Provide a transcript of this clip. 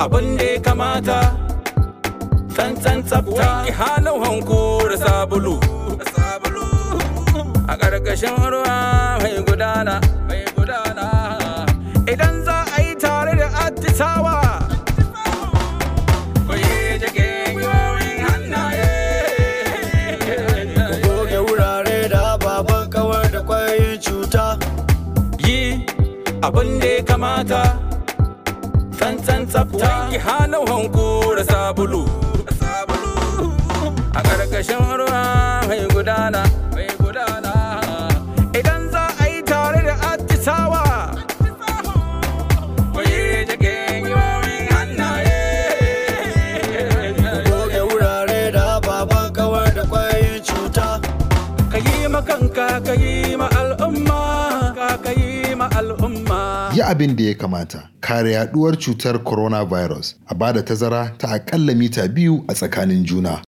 abin da ya kamata tsantsan tsafta halau hanko da sabulu a ƙarƙashin ruwa mai gudana idan za a yi tare da attisawa abin da ya kamata tsantsan tsafta wanki hannuwan hanku da sabulu a ƙarƙashin ruwa mai gudana idan za a yi tare da atisawa ka yi ma kanka ka yi ma al'umma yi abin da ya kamata kare yaduwar cutar coronavirus a bada tazara ta aƙalla mita biyu a tsakanin juna